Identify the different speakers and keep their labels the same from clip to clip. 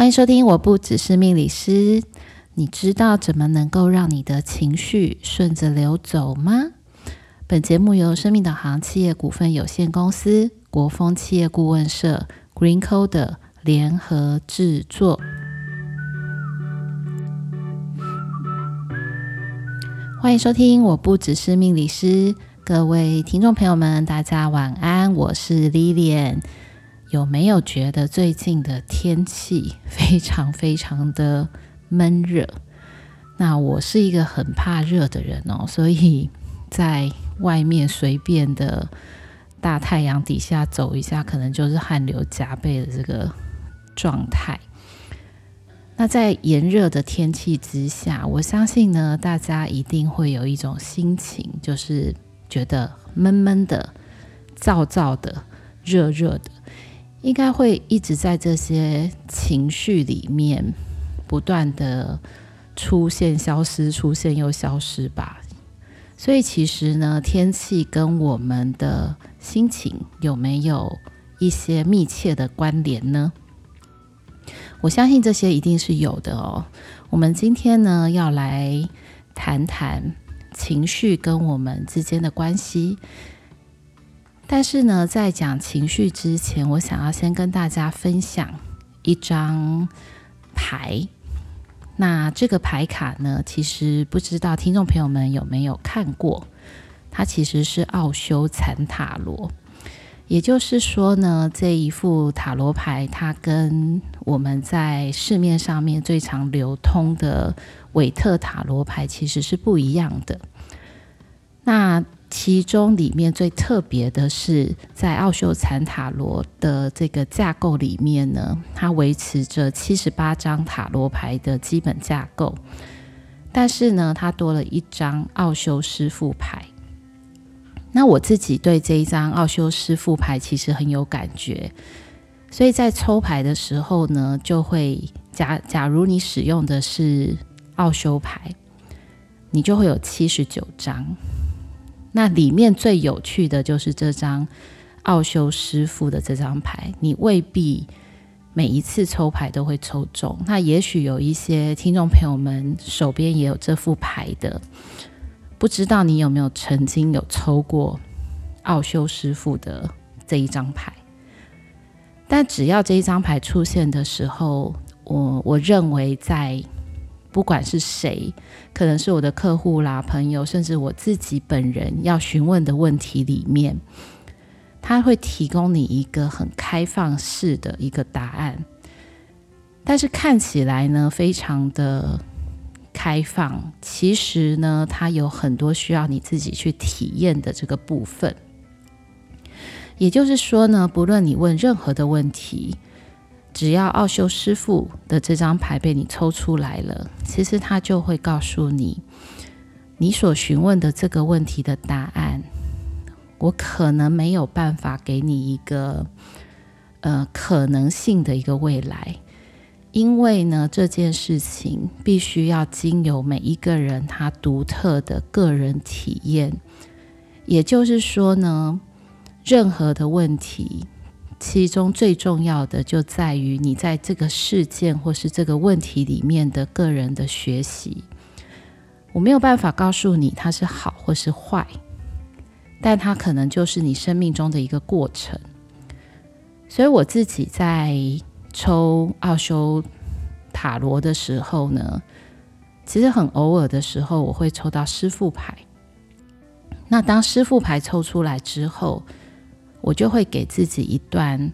Speaker 1: 歡迎收聽，我不只是命理師。你知道怎麼能夠讓你的情緒順着流走嗎？本節目由生命導航企業股份有限公司、國峰企業顧問社、GreenCoder 聯合制作。歡迎收聽，我不只是命理師。各位聽眾朋友們，大家晚安，我是 Lilian。有沒有覺得最近的天氣非常非常的悶熱？那我是一個很怕熱的人哦，所以在外面隨便的大太陽底下走一下，可能就是汗流浹背的這個狀態。那在炎熱的天氣之下，我相信呢，大家一定會有一種心情，就是覺得悶悶的、燥燥的、熱熱的。應該會一直在這些情緒裡面不斷的出現、消失，出現又消失吧。所以其實呢，天氣跟我們的心情有沒有一些密切的關聯呢？我相信這些一定是有的哦。我們今天呢，要來談談情緒跟我們之間的關係。但是呢，在講情緒之前，我想要先跟大家分享一張牌。那這個牌卡呢，其實不知道聽衆朋友們有沒有看過？它其實是奧修禪塔羅，也就是說呢，這一副塔羅牌，它跟我們在市面上面最常流通的韋特塔羅牌其實是不一樣的。那。其中裡面最特別的是，在奧修禪塔羅的這個架構裡面呢，它維持着七十八張塔羅牌的基本架構，但是呢，它多了一張奧修師父牌。那我自己對這一張奧修師父牌其實很有感覺，所以在抽牌的時候呢，就會假假如你使用的是奧修牌，你就會有七十九張。那裡面最有趣的就是這張奧修師傅的這張牌，你未必每一次抽牌都會抽中。那也許有一些聽眾朋友們手邊也有這副牌的，不知道你有沒有曾經有抽過奧修師傅的這一張牌？但只要這一張牌出現的時候，我我認為在。不管是誰，可能是我的客戶啦、朋友，甚至我自己本人，要詢問的問題裡面，他會提供你一個很開放式的一個答案，但是看起來呢，非常的開放，其實呢，它有很多需要你自己去體驗的這個部分。也就是說呢，不論你問任何的問題。只要奧修師傅的這張牌被你抽出來了，其實他就會告訴你，你所詢問的這個問題的答案。我可能沒有辦法給你一個，呃，可能性的一個未來，因為呢，這件事情必須要經由每一個人他獨特的個人體驗。也就是說呢，任何的問題。其中最重要的就在於你在這個事件或是這個問題裡面的個人的學習。我沒有辦法告訴你它是好或是壞，但它可能就是你生命中的一個過程。所以我自己在抽奧修塔羅的時候呢，其實很偶爾的時候我會抽到師父牌。那當師父牌抽出來之後，我就會給自己一段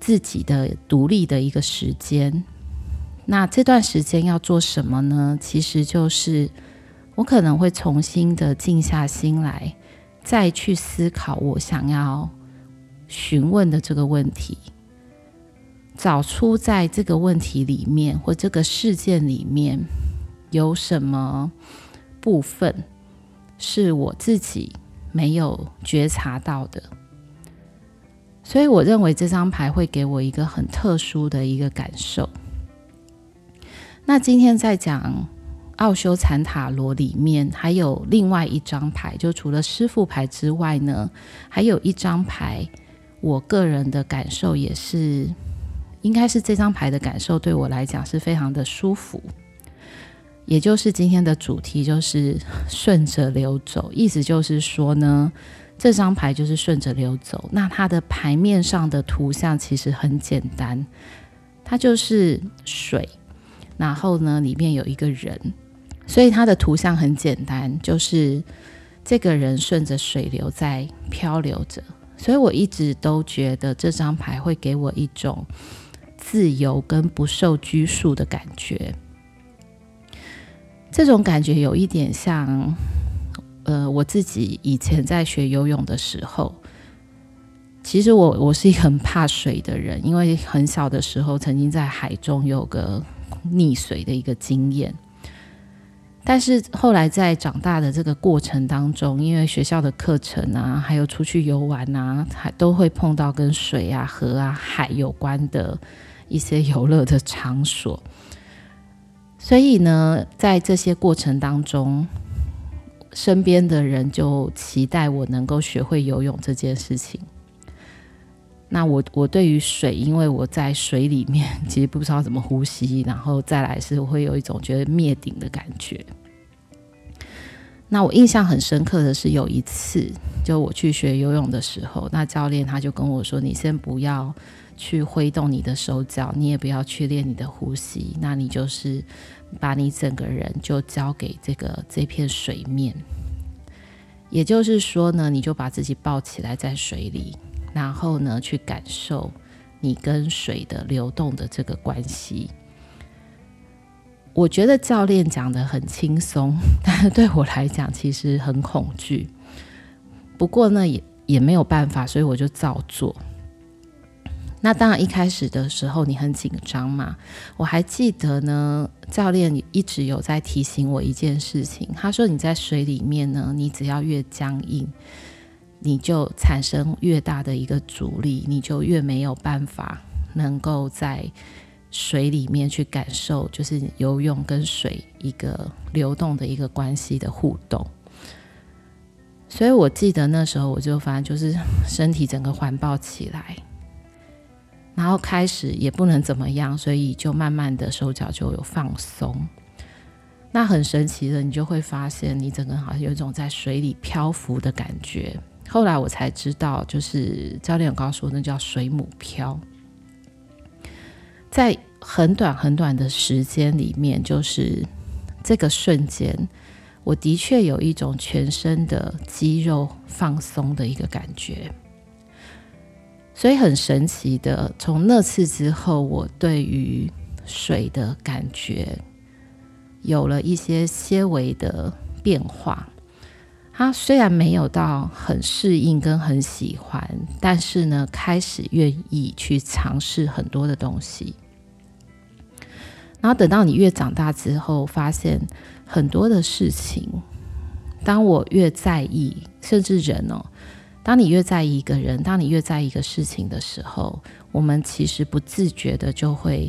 Speaker 1: 自己的獨立的一個時間。那這段時間要做什麼呢？其實就是我可能會重新的靜下心來，再去思考我想要詢問的這個問題，找出在這個問題裡面或這個事件裡面有什麼部分是我自己沒有覺察到的。所以我認為這張牌會給我一個很特殊的一個感受。那今天在講奧修禪塔羅裡面，還有另外一張牌，就除了師父牌之外呢，還有一張牌，我個人的感受也是，應該是這張牌的感受對我來講是非常的舒服。也就是今天的主題就是順着流走，意思就是說呢。這張牌就是順着流走，那它的牌面上的圖像其實很簡單，它就是水，然後呢，裡面有一個人，所以它的圖像很簡單，就是這個人順着水流在漂流着。所以我一直都覺得這張牌會給我一種自由跟不受拘束的感覺，這種感覺有一點像。呃，我自己以前在學游泳的時候，其實我我是一個很怕水的人，因為很小的時候曾經在海中有個溺水的一個經驗。但是後來在長大的這個過程當中，因為學校的課程啊，還有出去游玩啊，還都會碰到跟水啊、河啊、海有關的一些游樂的場所。所以呢，在這些過程當中，身邊的人就期待我能夠學會游泳這件事情。那我我對於水，因為我在水裡面，其實不知道怎麼呼吸，然後再來是會有一種覺得滅頂的感覺。那我印象很深刻的是有一次，就我去學游泳的時候，那教練他就跟我說：“你先不要去揮動你的手腳，你也不要去練你的呼吸，那你就是……”把你整個人就交給這個這片水面，也就是說呢，你就把自己抱起來在水裡，然後呢，去感受你跟水的流動的這個關係。我覺得教練講得很輕鬆，但是對我來講其實很恐懼。不過呢，也也沒有辦法，所以我就照做。那當然，一開始的時候你很緊張嘛。我還記得呢，教練一直有在提醒我一件事情。他說：“你在水裡面呢，你只要越僵硬，你就產生越大的一個阻力，你就越沒有辦法能夠在水裡面去感受，就是游泳跟水一個流動的一個關係的互動。”所以我記得那時候，我就發現，就是身體整個環抱起來。然後開始也不能怎麼樣，所以就慢慢的手腳就有放鬆。那很神奇的，你就會發現你整個人好像有一種在水裡漂浮的感覺。後來我才知道，就是教練有告訴我，那叫水母漂。在很短很短的時間裡面，就是這個瞬間，我的確有一種全身的肌肉放鬆的一個感覺。所以很神奇的，從那次之後，我對於水的感覺有了一些些微的變化。它雖然沒有到很適應跟很喜歡，但是呢，開始願意去嘗試很多的東西。然後等到你越長大之後，發現很多的事情，當我越在意，甚至人哦。當你越在意一個人，當你越在意一個事情的時候，我們其實不自覺的就會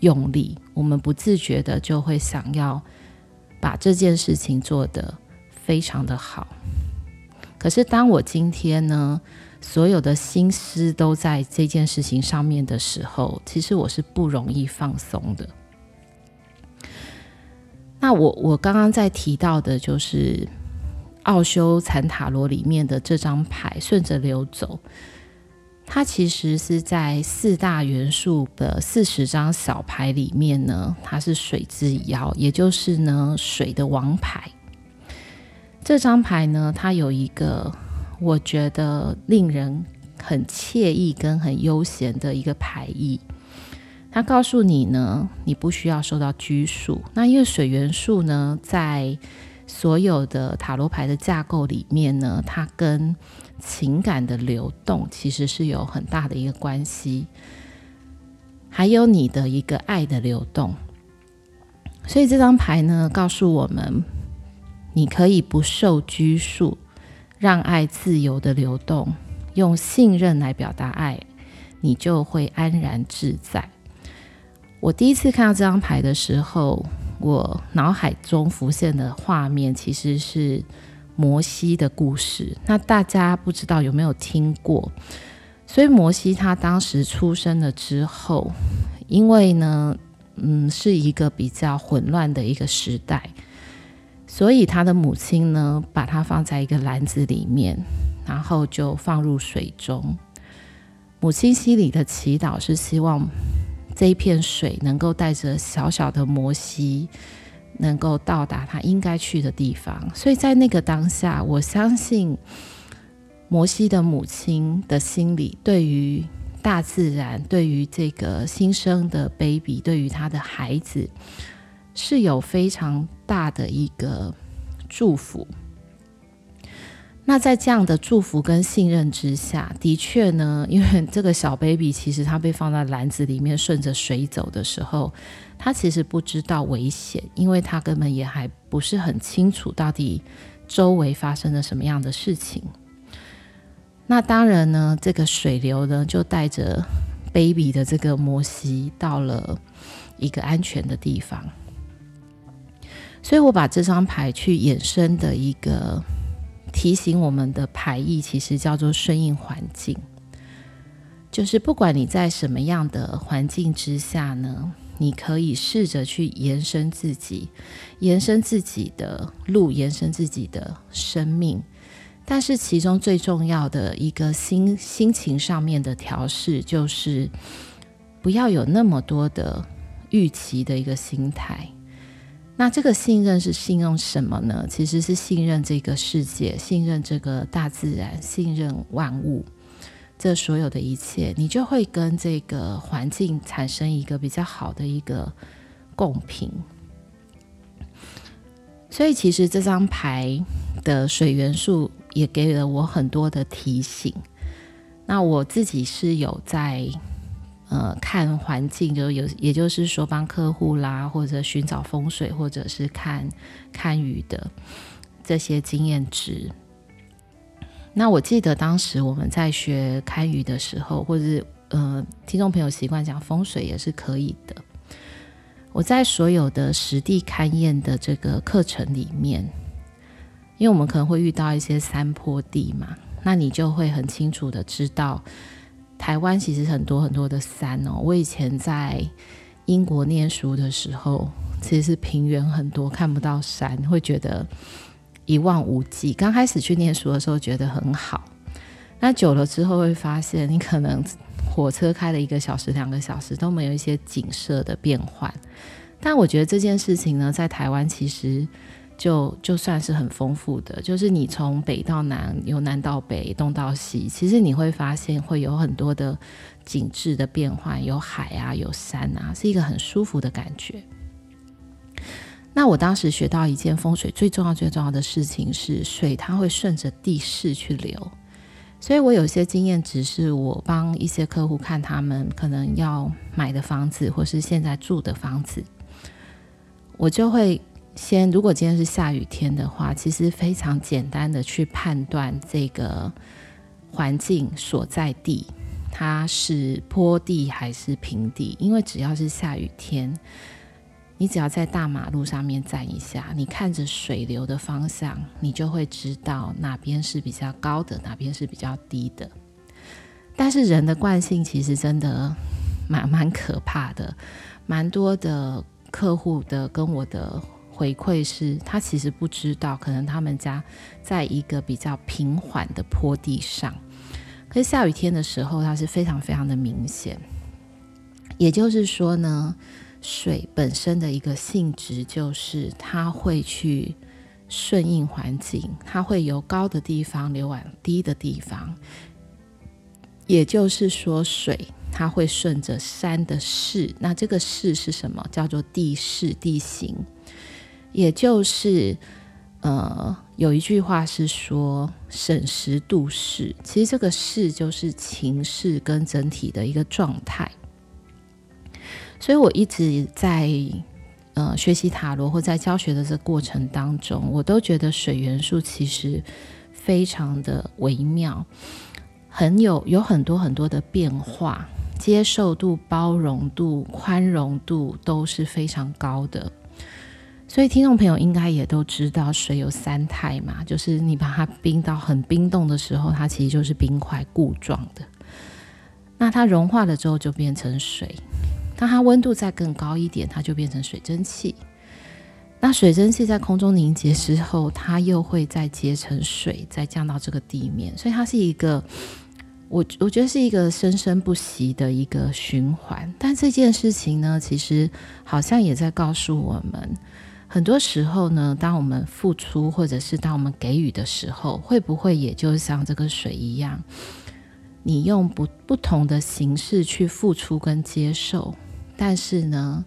Speaker 1: 用力，我們不自覺的就會想要把這件事情做得非常的好。可是當我今天呢，所有的心思都在這件事情上面的時候，其實我是不容易放鬆的。那我我剛剛在提到的就是。奧修禪塔羅裡面的這張牌，順着流走，它其實是在四大元素的四十張小牌裡面呢，它是水之妖，也就是呢水的王牌。這張牌呢，它有一個我覺得令人很愜意跟很悠閒的一個牌意。它告訴你呢，你不需要受到拘束。那因為水元素呢，在所有的塔羅牌的架構裡面呢，它跟情感的流動其實是有很大的一個關係，還有你的一個愛的流動。所以這張牌呢，告訴我們，你可以不受拘束，讓愛自由的流動，用信任來表達愛，你就會安然自在。我第一次看到這張牌的時候，我腦海中浮現的畫面其實是摩西的故事。那大家不知道有沒有聽過？所以摩西他當時出生了之後，因為呢，嗯，是一個比較混亂的一個時代，所以他的母親呢，把他放在一個籃子裡面，然後就放入水中。母親心裡的祈禱是希望。這一片水能夠帶着小小的摩西，能夠到達他應該去的地方。所以在那個當下，我相信摩西的母親的心裡，對於大自然，對於這個新生的 baby，對於他的孩子，是有非常大的一個祝福。那在這樣的祝福跟信任之下，的確呢，因為這個小 baby 其實他被放在籃子裡面順着水走的時候，他其實不知道危險，因為他根本也還不是很清楚到底周圍發生了什麼樣的事情。那當然呢，這個水流呢就帶着 baby 的這個摩西到了一個安全的地方，所以我把這張牌去衍生的一個。提醒我們的牌意，其實叫做順應環境，就是不管你在什麼樣的環境之下呢，你可以試着去延伸自己，延伸自己的路，延伸自己的生命。但是其中最重要的一個心心情上面的調試，就是不要有那麼多的預期的一個心態。那這個信任是信用什麼呢？其實是信任這個世界，信任這個大自然，信任萬物，這所有的一切，你就會跟這個環境產生一個比較好的一個共頻。所以，其實這張牌的水元素也給了我很多的提醒。那我自己是有在。呃，看環境就有，也就是說幫客戶啦，或者尋找風水，或者是看堪輿的這些經驗值。那我記得當時我們在學堪輿的時候，或者是呃，聽眾朋友習慣講風水也是可以的。我在所有的實地勘驗的這個課程裡面，因為我們可能會遇到一些山坡地嘛，那你就會很清楚的知道。台灣其實很多很多的山哦，我以前在英國念書的時候，其實是平原很多，看不到山，會覺得一望無際。剛開始去念書的時候覺得很好，那久了之後會發現，你可能火車開了一個小時、兩個小時都沒有一些景色的變換。但我覺得這件事情呢，在台灣其實。就就算是很豐富的，就是你從北到南，由南到北，東到西，其實你會發現會有很多的景緻的變換，有海啊，有山啊，是一個很舒服的感覺。那我當時學到一件風水最重要、最重要的事情是，水它會順着地勢去流，所以我有些經驗只是我幫一些客戶看他們可能要買的房子，或是現在住的房子，我就會。先，如果今天是下雨天的話，其實非常簡單的去判斷這個環境所在地，它是坡地還是平地。因為只要是下雨天，你只要在大馬路上面站一下，你看着水流的方向，你就會知道哪邊是比較高的，哪邊是比較低的。但是人的慣性其實真的蠻蠻可怕的，蠻多的客戶的跟我的。回饋是他其實不知道，可能他們家在一個比較平緩的坡地上，可是下雨天的時候，它是非常非常的明顯。也就是說呢，水本身的一個性質就是它會去順應環境，它會由高的地方流往低的地方。也就是說水，水它會順着山的勢，那這個勢是什麼？叫做地勢、地形。也就是，呃，有一句話是說“審時度勢”，其實這個“勢”就是情勢跟整體的一個狀態。所以我一直在呃學習塔羅或在教學的這個過程當中，我都覺得水元素其實非常的微妙，很有有很多很多的變化，接受度、包容度、寬容度都是非常高的。所以，聽眾朋友應該也都知道，水有三態嘛，就是你把它冰到很冰凍的時候，它其實就是冰塊固狀的。那它融化了之後，就變成水。當它溫度再更高一點，它就變成水蒸氣。那水蒸氣在空中凝結之後，它又會再結成水，再降到這個地面。所以，它是一個我我覺得是一個生生不息的一個循環。但這件事情呢，其實好像也在告訴我們。很多時候呢，當我們付出或者是當我們給予的時候，會不會也就像這個水一樣，你用不不同的形式去付出跟接受，但是呢，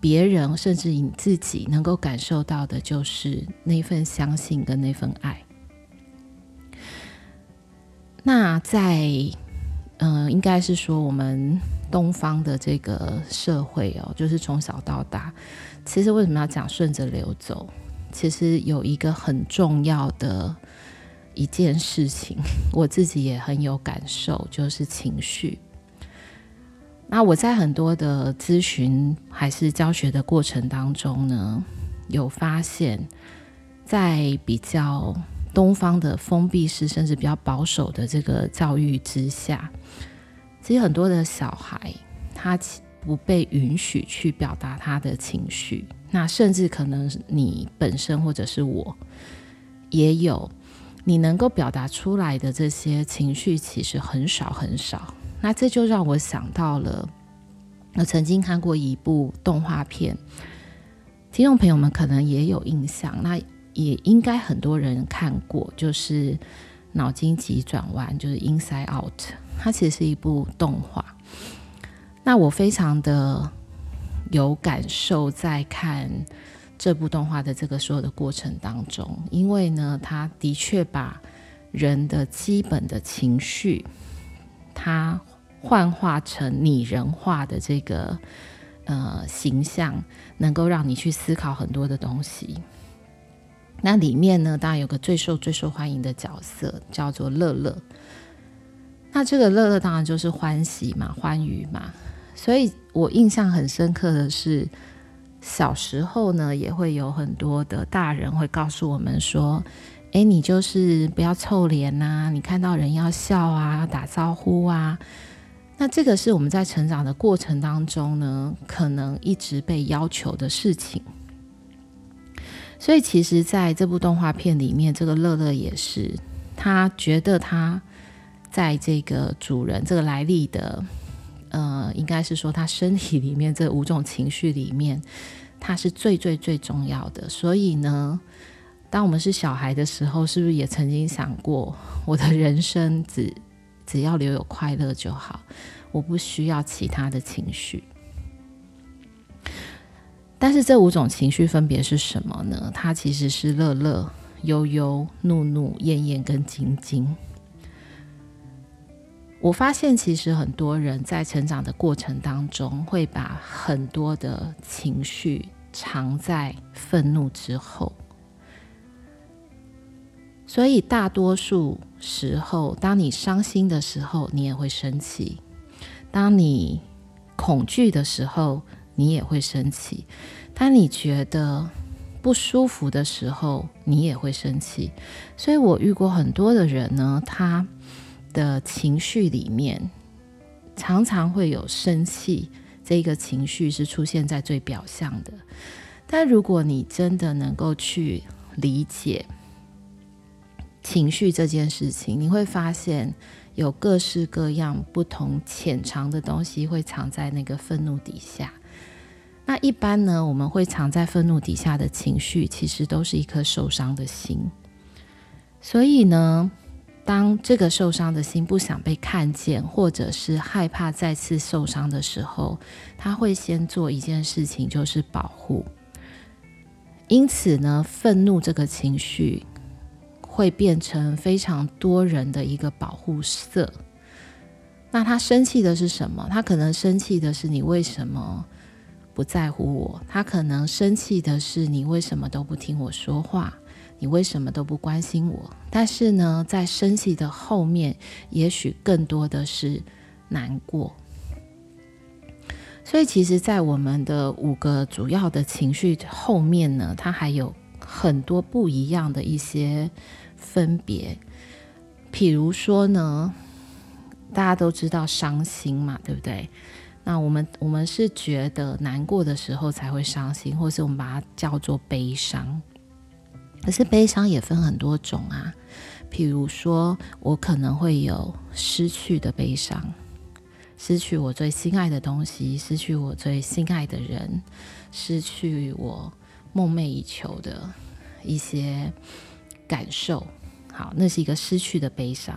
Speaker 1: 別人甚至你自己能夠感受到的就是那份相信跟那份愛。那在。嗯，應該是說我們東方的這個社會哦，就是從小到大，其實為什麼要講順着流走？其實有一個很重要的一件事情，我自己也很有感受，就是情緒。那我在很多的諮詢還是教學的過程當中呢，有發現，在比較。東方的封閉式，甚至比較保守的這個教育之下，其實很多的小孩他不被允許去表達他的情緒。那甚至可能你本身或者是我，也有你能夠表達出來的這些情緒，其實很少很少。那這就讓我想到了，我曾經看過一部動畫片，聽眾朋友們可能也有印象。那。也應該很多人看過，就是腦筋急轉彎，就是 Inside Out，它其實是一部動畫。那我非常的有感受，在看這部動畫的這個所有的過程當中，因為呢，它的確把人的基本的情緒，它幻化成擬人化的這個呃形象，能夠讓你去思考很多的東西。那裡面呢，當然有個最受最受歡迎的角色，叫做樂樂。那這個樂樂當然就是歡喜嘛，歡愉嘛。所以我印象很深刻的是，小時候呢，也會有很多的大人會告訴我們說：“哎，你就是不要臭臉吶，你看到人要笑啊，打招呼啊。”那這個是我們在成長的過程當中呢，可能一直被要求的事情。所以，其實，在這部動畫片裡面，這個樂樂也是，他覺得他在這個主人這個來歷的，呃，應該是說他身體裡面這五種情緒裡面，他是最最最重要的。所以呢，當我們是小孩的時候，是不是也曾經想過，我的人生只只要留有快樂就好，我不需要其他的情緒。但是這五種情緒分別是什麼呢？它其實是樂樂、憂憂、怒怒、厭厭跟驚驚。我發現，其實很多人在成長的過程當中，會把很多的情緒藏在憤怒之後。所以，大多數時候，當你傷心的時候，你也會生氣；當你恐懼的時候，你也會生氣，當你覺得不舒服的時候，你也會生氣。所以我遇過很多的人呢，他的情緒裡面常常會有生氣，這個情緒是出現在最表象的。但如果你真的能夠去理解情緒這件事情，你會發現有各式各樣不同淺嘗的東西會藏在那個憤怒底下。那一般呢，我們會藏在憤怒底下的情緒，其實都是一顆受傷的心。所以呢，當這個受傷的心不想被看見，或者是害怕再次受傷的時候，他會先做一件事情，就是保護。因此呢，憤怒這個情緒會變成非常多人的一個保護色。那他生氣的是什麼？他可能生氣的是你為什麼？不在乎我，他可能生氣的是你為什麼都不聽我說話，你為什麼都不關心我？但是呢，在生氣的後面，也許更多的是難過。所以，其實，在我們的五個主要的情緒後面呢，它還有很多不一樣的一些分別。比如說呢，大家都知道傷心嘛，對不對？那我們我們是覺得難過的時候才會傷心，或是我們把它叫做悲傷。可是悲傷也分很多種啊，譬如說我可能會有失去的悲傷，失去我最心愛的東西，失去我最心愛的人，失去我夢寐以求的一些感受。好，那是一個失去的悲傷。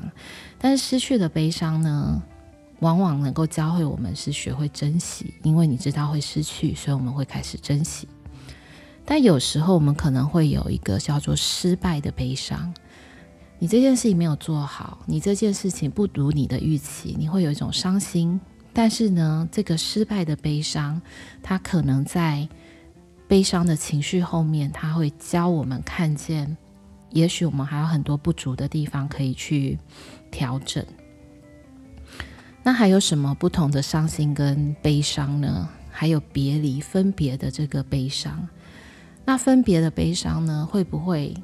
Speaker 1: 但是失去的悲傷呢？往往能夠教會我們是學會珍惜，因為你知道會失去，所以我們會開始珍惜。但有時候我們可能會有一個叫做失敗的悲傷，你這件事情沒有做好，你這件事情不如你的預期，你會有一種傷心。但是呢，這個失敗的悲傷，它可能在悲傷的情緒後面，它會教我們看見，也許我們還有很多不足的地方可以去調整。那還有什麼不同的傷心跟悲傷呢？還有別離、分別的這個悲傷。那分別的悲傷呢？會不會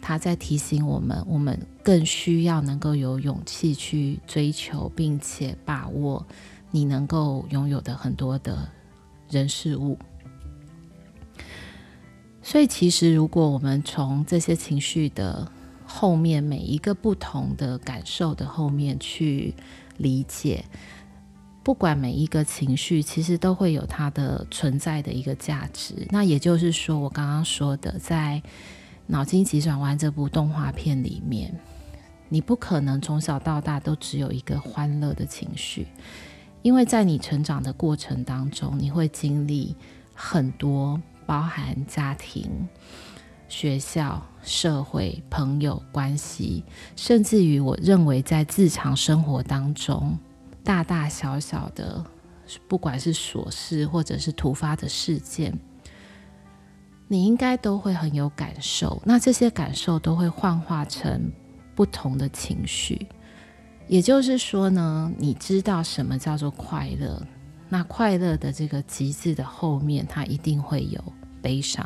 Speaker 1: 他在提醒我們，我們更需要能夠有勇氣去追求，並且把握你能夠擁有的很多的人事物？所以，其實如果我們從這些情緒的後面每一個不同的感受的後面去理解，不管每一個情緒，其實都會有它的存在的一個價值。那也就是說，我剛剛說的，在《腦筋急轉彎》這部動畫片裡面，你不可能從小到大都只有一個歡樂的情緒，因為在你成長的過程當中，你會經歷很多，包含家庭、學校。社會、朋友關係，甚至於我認為在日常生活當中，大大小小的，不管是瑣事或者是突發的事件，你應該都會很有感受。那這些感受都會幻化成不同的情緒。也就是說呢，你知道什麼叫做快樂？那快樂的這個極致的後面，它一定會有悲傷。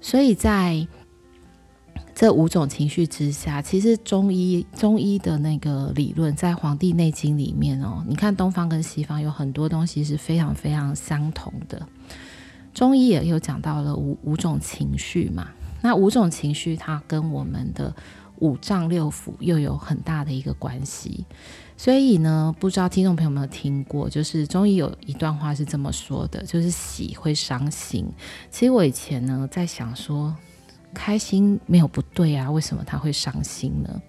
Speaker 1: 所以，在這五種情緒之下，其實中醫中醫的那個理論在《黃帝內經》裡面哦，你看東方跟西方有很多東西是非常非常相同的。中醫也有講到了五五種情緒嘛，那五種情緒它跟我們的五臟六腑又有很大的一個關係，所以呢，不知道聽眾朋友們有沒聽過，就是中醫有一段話是這麼說的，就是喜會傷心。其實我以前呢在想說，開心沒有不對啊，為什麼他會傷心呢？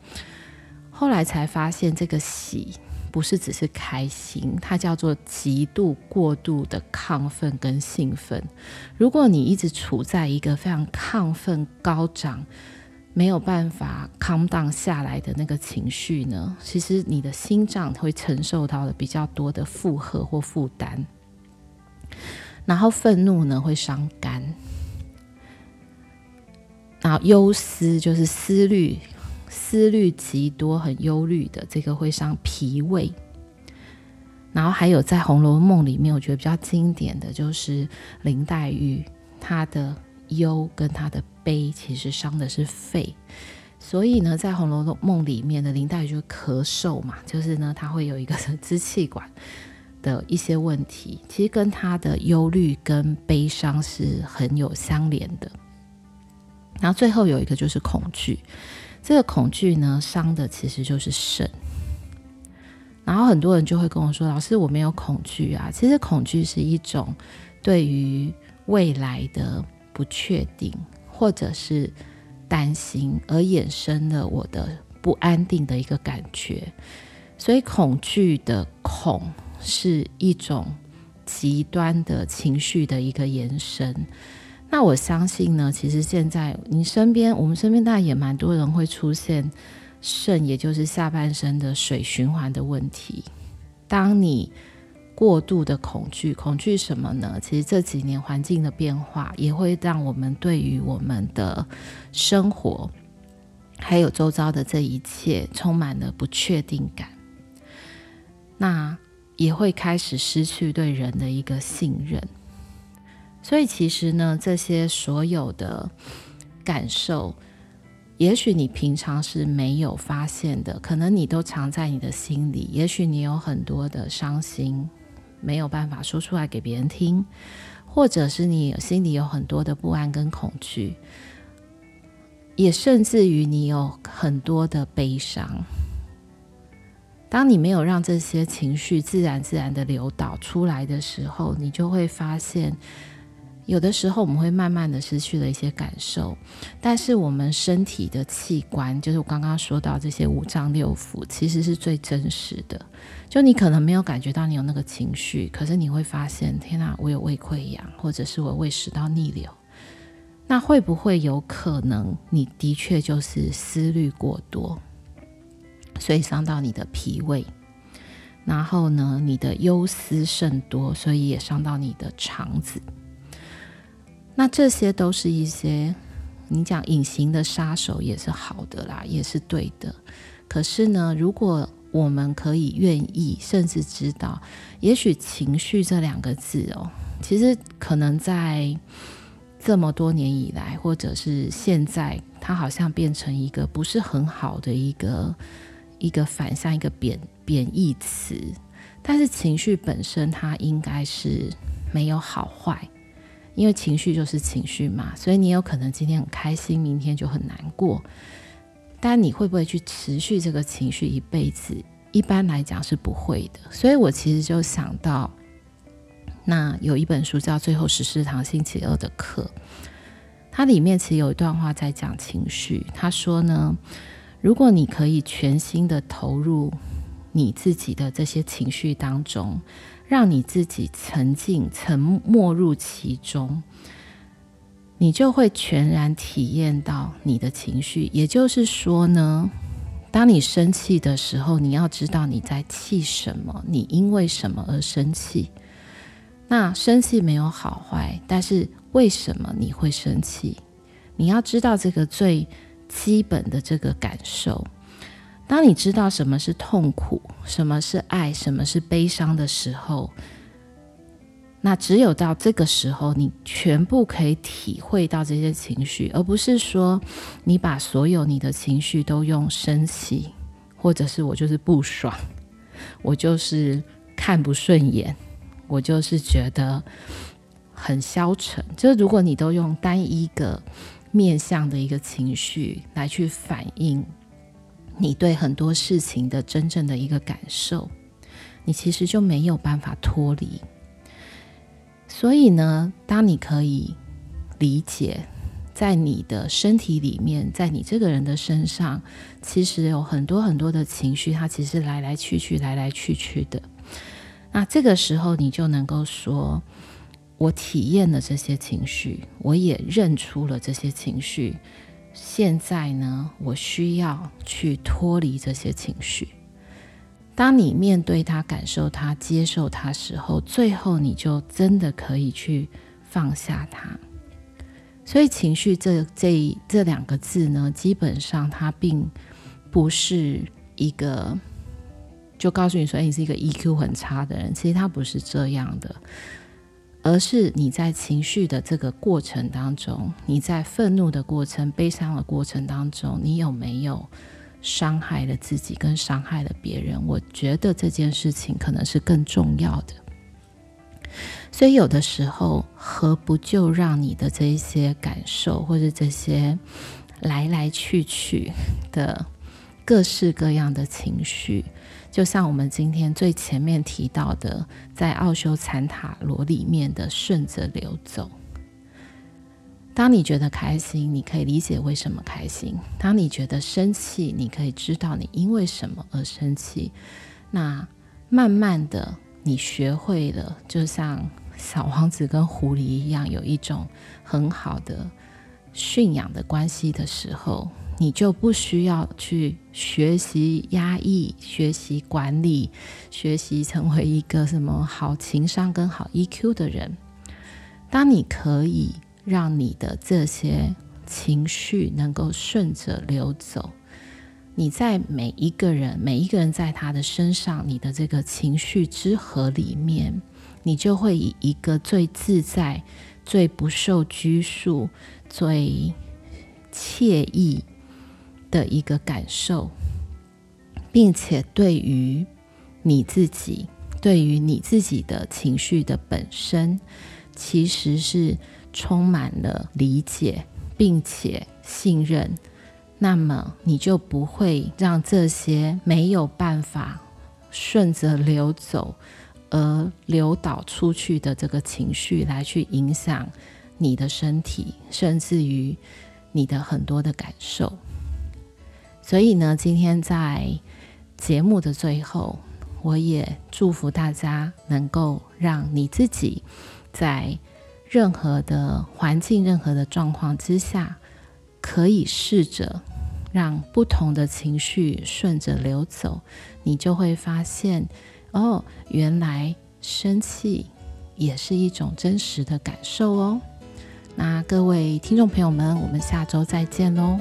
Speaker 1: 後來才發現，這個喜不是只是開心，它叫做極度過度的亢奮跟興奮。如果你一直處在一個非常亢奮高漲，沒有辦法 calm down 下來的那個情緒呢，其實你的心臟會承受到的比較多的負荷或負擔。然後憤怒呢會傷肝，然後憂思就是思慮，思慮極多，很憂慮的，這個會傷脾胃。然後還有在《紅樓夢》裡面，我覺得比較經典的就是林黛玉，她的，憂跟他的悲其實傷的是肺，所以呢，在《紅樓夢》裡面呢，林黛玉就咳嗽嘛，就是呢，他會有一個支氣管的一些問題，其實跟他的憂慮跟悲傷是很有相連的。然後最後有一個就是恐懼，這個恐懼呢，傷的其實就是腎。然後很多人就會跟我說：“老師，我沒有恐懼啊。”其實恐懼是一種對於未來的。不確定，或者是擔心，而衍生了我的不安定的一個感覺，所以恐懼的恐是一種極端的情緒的一個延伸。那我相信呢，其實現在你身邊，我們身邊大概也蠻多人會出現腎，也就是下半身的水循環的問題。當你過度的恐懼，恐懼什麼呢？其實這幾年環境的變化，也會讓我們對於我們的生活，還有周遭的這一切，充滿了不確定感。那也會開始失去對人的一個信任。所以，其實呢，這些所有的感受，也許你平常是沒有發現的，可能你都藏在你的心裡，也許你有很多的傷心。沒有辦法說出來給別人聽，或者是你心裡有很多的不安跟恐懼，也甚至於你有很多的悲傷。當你沒有讓這些情緒自然自然地流淌出來的時候，你就會發現。有的時候我們會慢慢的失去了一些感受，但是我們身體的器官，就是我剛剛說到這些五臟六腑，其實是最真實的。就你可能沒有感覺到你有那個情緒，可是你會發現，天哪，我有胃潰瘍，或者是我胃食道逆流。那會不會有可能你的確就是思慮過多，所以傷到你的脾胃，然後呢，你的憂思甚多，所以也傷到你的腸子。那這些都是一些，你講隱形的殺手，也是好的啦，也是對的。可是呢，如果我們可以願意，甚至知道，也許情緒這兩個字哦，其實可能在這麼多年以來，或者是現在，它好像變成一個不是很好的一個一個反向一個貶貶義詞。但是情緒本身，它應該是沒有好壞。因為情緒就是情緒嘛，所以你有可能今天很開心，明天就很難過。但你會不會去持續這個情緒一輩子？一般來講是不會的。所以我其實就想到，那有一本書叫《最後十四堂星期二的課》，它裡面其實有一段話在講情緒。他說呢，如果你可以全心的投入你自己的這些情緒當中。讓你自己沉浸、沉沒入其中，你就會全然體驗到你的情緒。也就是說呢，當你生氣的時候，你要知道你在氣什麼，你因為什麼而生氣。那生氣沒有好壞，但是為什麼你會生氣？你要知道這個最基本的這個感受。當你知道什麼是痛苦，什麼是愛，什麼是悲傷的時候，那只有到這個時候，你全部可以體會到這些情緒，而不是說你把所有你的情緒都用生氣，或者是我就是不爽，我就是看不順眼，我就是覺得很消沉。就是如果你都用單一個面向的一個情緒來去反應。你對很多事情的真正的一個感受，你其實就沒有辦法脫離。所以呢，當你可以理解，在你的身體裡面，在你這個人的身上，其實有很多很多的情緒，它其實來來去去，來來去去的。那這個時候，你就能夠說，我體驗了這些情緒，我也認出了這些情緒。現在呢，我需要去脫離這些情緒。當你面對他、感受他、接受他時候，最後你就真的可以去放下他。所以，情緒這這這兩個字呢，基本上它並不是一個，就告訴你說誒，你是一個 EQ 很差的人。其實它不是這樣的。而是你在情緒的這個過程當中，你在憤怒的過程、悲傷的過程當中，你有沒有傷害了自己跟傷害了別人？我覺得這件事情可能是更重要的。所以有的時候，何不就讓你的這一些感受，或者這些來來去去的各式各樣的情緒，就像我們今天最前面提到的，在奧修禪塔羅裡面的順着流走。當你覺得開心，你可以理解為什麼開心；當你覺得生氣，你可以知道你因為什麼而生氣。那慢慢的，你學會了，就像小王子跟狐狸一樣，有一種很好的馴養的關係的時候。你就不需要去學習壓抑、學習管理、學習成為一個什麼好情商跟好 EQ 的人。當你可以讓你的這些情緒能夠順着流走，你在每一個人、每一個人在他的身上，你的這個情緒之河裡面，你就會以一個最自在、最不受拘束、最愜意。的一個感受，並且對於你自己，對於你自己的情緒的本身，其實是充滿了理解，並且信任。那麼，你就不會讓這些沒有辦法順着流走而流導出去的這個情緒來去影響你的身體，甚至於你的很多的感受。所以呢，今天在節目的最後，我也祝福大家能夠讓你自己在任何的環境、任何的狀況之下，可以試着讓不同的情緒順着流走，你就會發現哦，原來生氣也是一種真實的感受哦。那各位聽眾朋友們，我們下周再見嘍。